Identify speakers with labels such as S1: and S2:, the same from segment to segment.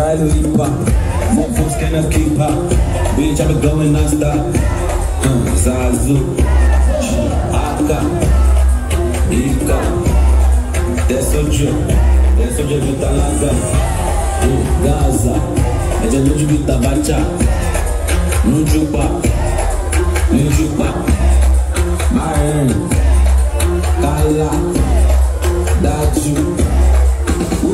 S1: lollipop More folks cannot keep up Bitch, I going non-stop uh, Zazu Aka Ika That's so true That's so true, tá larga uh, Gaza É de noite que tá bacha No chupa No chupa Maran Kala Daju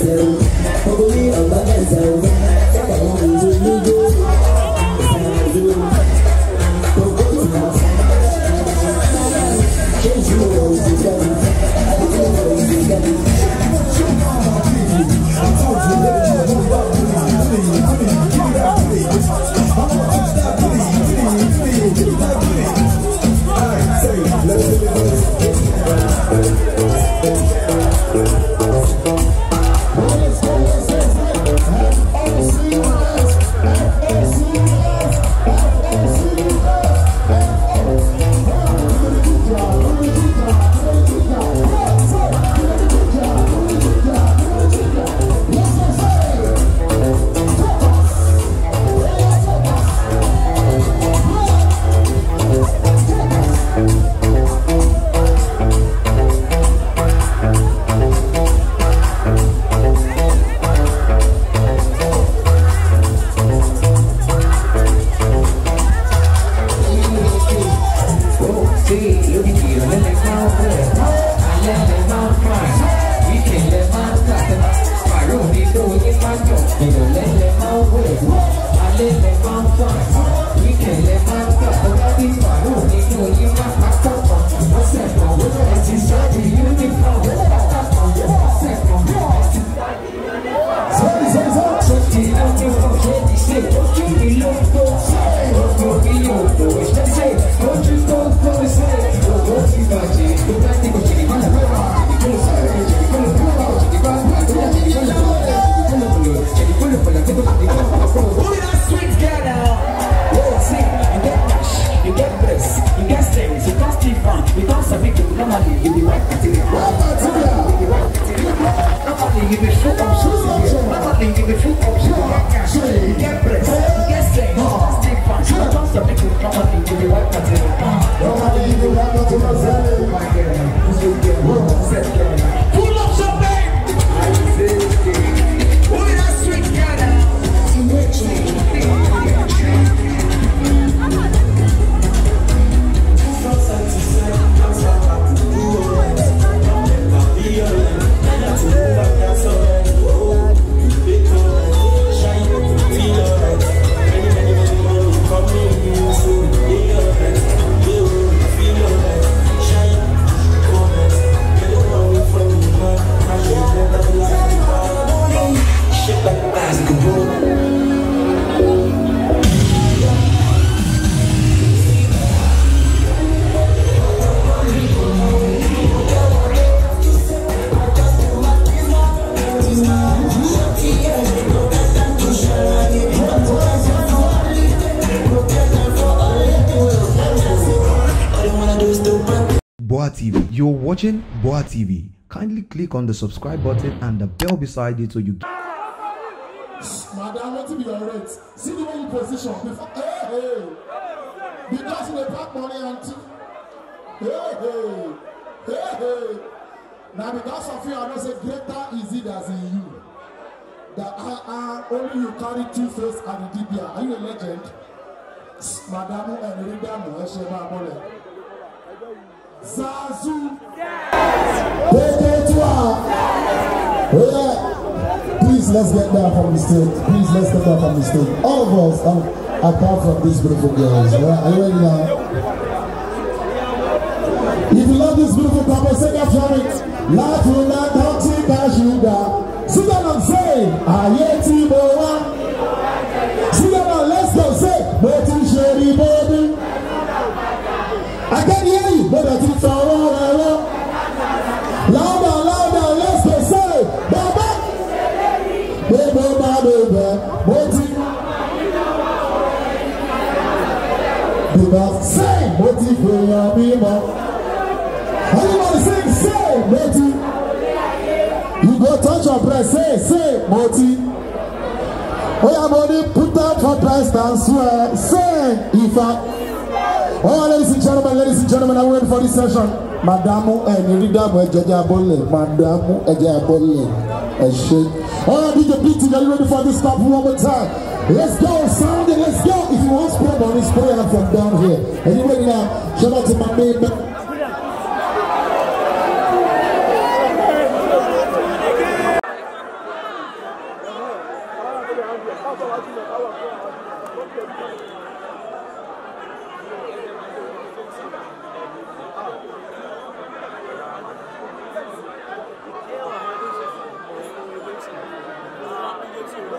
S1: so, hopefully I'm not so. 내가 Because I make it you Normally you be white Normally you be full of shoes. Normally you be full of shoes. You get breath, you get strength, stay fast. Because I make it normally you be white material. Normally you be white material. Boa TV. You're watching Boa TV. Kindly click on the subscribe button and the bell beside it so you get. Madam, what be your rate? See the way you position before. Hey, hey. Because you dey pack money and two. Hey, hey. Hey, hey. Now, because of you, I know say greater is it as in you. That ah uh, uh, only you carry two face and a dibia. Are you a legend? Madam, and read them, Esheba Zazu. Please let's get down from the stage. Please let's get down from the stage. All of us, um, apart from these beautiful girls. Right? Are you ready now? If you love this beautiful couple, sing after it. Life will not come to cash you down. Sit down and say, Ayetibowa. Sit down and let's go say, Beti Sheribowa. mo ti dùgbà sẹ́ẹ̀ mo ti everybody sing say mo you go touch your breast say say mo oya oh mo put down for breast and swear say ifa oya oh, ladies and gentlemen ladies and gentlemen i wait for this session madamu ẹni rí dàmú ẹjẹ jẹ abọ́lẹ̀ madamu eh, ẹjẹ abọ́lẹ̀ ẹ Oh, DJ BT, are you ready for this stuff one more time? Let's go, Sunday, let's go. If you want spread on this prayer from down here. Are you ready now? Shout out to my main Thank you.